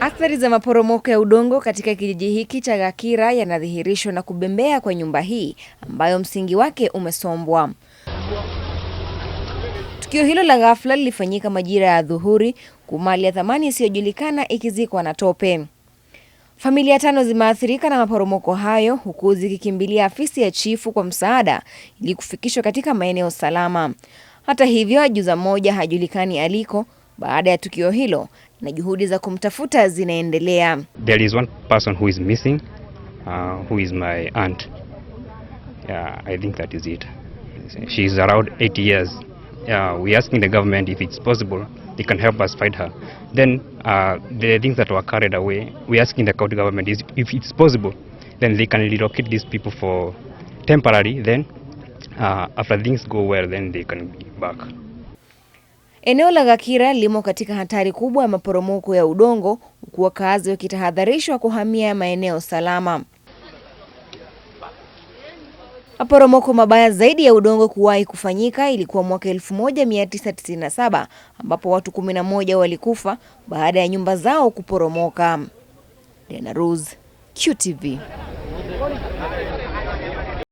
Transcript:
Athari za maporomoko ya udongo katika kijiji hiki cha Gakira yanadhihirishwa na kubembea kwa nyumba hii ambayo msingi wake umesombwa. Tukio hilo la ghafla lilifanyika majira ya dhuhuri, huku mali ya thamani isiyojulikana ikizikwa na tope. Familia tano zimeathirika na maporomoko hayo, huku zikikimbilia afisi ya chifu kwa msaada ili kufikishwa katika maeneo salama. Hata hivyo, ajuza moja hajulikani aliko baada ya tukio hilo na juhudi za kumtafuta zinaendelea. There is one person who is missing, uh, who is my aunt. Yeah, I think that is it. She is around 80 years. Yeah, we asking the government if it's possible they can help us find her. Then uh, the things that were carried away, we asking the county government is if it's possible then they can relocate these people for temporary then uh, after things go well then they can be back. Eneo la Gakira limo katika hatari kubwa ya maporomoko ya udongo huku wakazi wakitahadharishwa kuhamia maeneo salama. Maporomoko mabaya zaidi ya udongo kuwahi kufanyika ilikuwa mwaka 1997 ambapo watu 11 walikufa baada ya nyumba zao kuporomoka. Dena Rose, QTV.